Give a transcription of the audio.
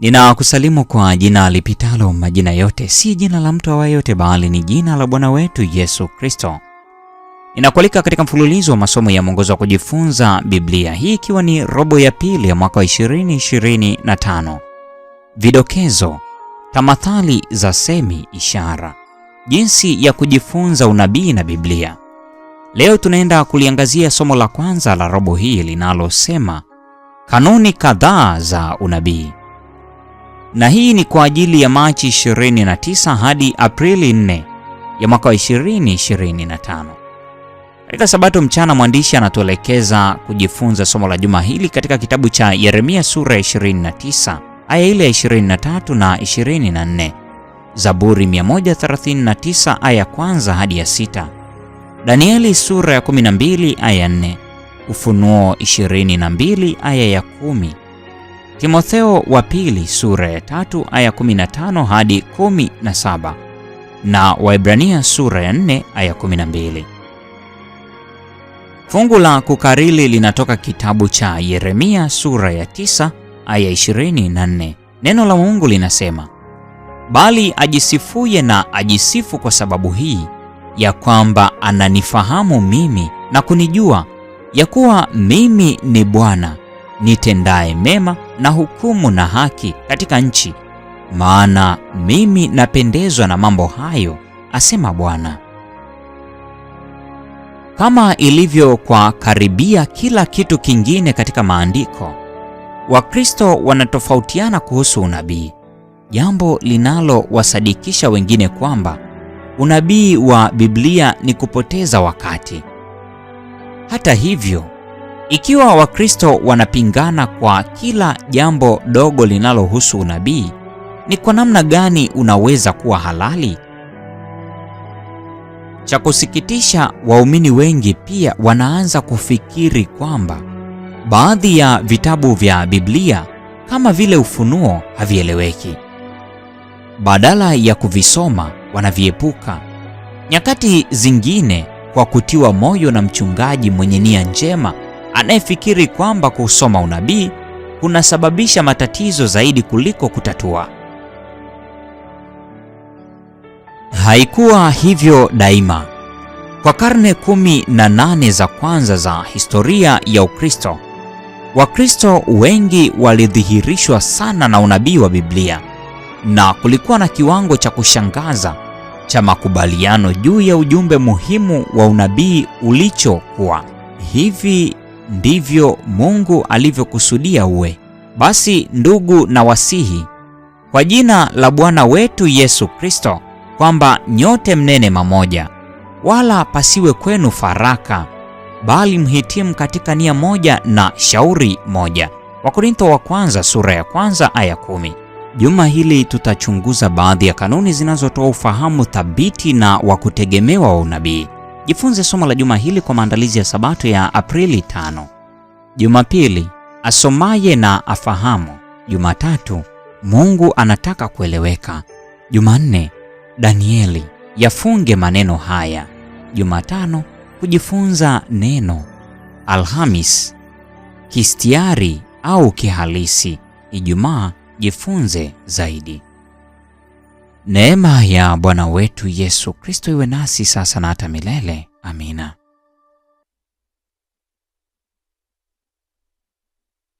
Ninakusalimu kwa jina lipitalo majina yote, si jina la mtu awaye yote, bali ni jina la Bwana wetu Yesu Kristo. Ninakualika katika mfululizo wa masomo ya mwongozo wa kujifunza Biblia, hii ikiwa ni robo ya pili ya mwaka wa 2025. Vidokezo, tamathali za semi, ishara, jinsi ya kujifunza unabii na Biblia. Leo tunaenda kuliangazia somo la kwanza la robo hii linalosema kanuni kadhaa za unabii na hii ni kwa ajili ya Machi 29 hadi Aprili 4 ya mwaka 2025. Katika Sabato mchana, mwandishi anatuelekeza kujifunza somo la juma hili katika kitabu cha Yeremia sura ya 29 aya ile ya 23 na 24, Zaburi 139 aya kwanza hadi ya sita, Danieli sura ya 12 aya 4, Ufunuo 22 aya ya kumi Timotheo wa pili sura ya tatu aya 15 hadi 17 na Waebrania sura ya 4 aya 12. Fungu la kukarili linatoka kitabu cha Yeremia sura ya 9 aya 24. Neno la Mungu linasema, bali ajisifuye na ajisifu kwa sababu hii ya kwamba ananifahamu mimi na kunijua ya kuwa mimi ni Bwana nitendaye mema na hukumu na haki katika nchi, maana mimi napendezwa na mambo hayo, asema Bwana. Kama ilivyo kwa karibia kila kitu kingine katika maandiko, Wakristo wanatofautiana kuhusu unabii, jambo linalowasadikisha wengine kwamba unabii wa Biblia ni kupoteza wakati. Hata hivyo ikiwa Wakristo wanapingana kwa kila jambo dogo linalohusu unabii, ni kwa namna gani unaweza kuwa halali? Cha kusikitisha, waumini wengi pia wanaanza kufikiri kwamba baadhi ya vitabu vya Biblia kama vile Ufunuo havieleweki. Badala ya kuvisoma, wanaviepuka. Nyakati zingine, kwa kutiwa moyo na mchungaji mwenye nia njema anayefikiri kwamba kusoma unabii kunasababisha matatizo zaidi kuliko kutatua. Haikuwa hivyo daima. Kwa karne kumi na nane za kwanza za historia ya Ukristo, Wakristo wengi walidhihirishwa sana na unabii wa Biblia, na kulikuwa na kiwango cha kushangaza cha makubaliano juu ya ujumbe muhimu wa unabii ulichokuwa hivi ndivyo Mungu alivyokusudia uwe. Basi ndugu, na wasihi kwa jina la Bwana wetu Yesu Kristo kwamba nyote mnene mamoja, wala pasiwe kwenu faraka, bali mhitimu katika nia moja na shauri moja. Wakorintho wa kwanza sura ya kwanza aya kumi. Juma hili tutachunguza baadhi ya kanuni zinazotoa ufahamu thabiti na wa kutegemewa wa unabii. Jifunze somo la juma hili kwa maandalizi ya Sabato ya Aprili tano. Jumapili, asomaye na afahamu. Jumatatu, Mungu anataka kueleweka. Jumanne, Danieli yafunge maneno haya. Jumatano, kujifunza neno. Alhamis, kistiari au kihalisi. Ijumaa, jifunze zaidi. Neema ya Bwana wetu Yesu Kristo iwe nasi sasa na hata milele. Amina.